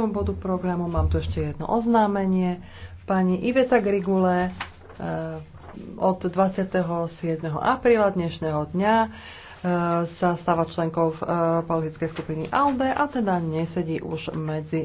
ďalšiemu bodu programu mám tu ešte jedno oznámenie. Pani Iveta Grigule eh, od 27. apríla dnešného dňa eh, sa stáva členkou eh, politickej skupiny ALDE a teda nesedí už medzi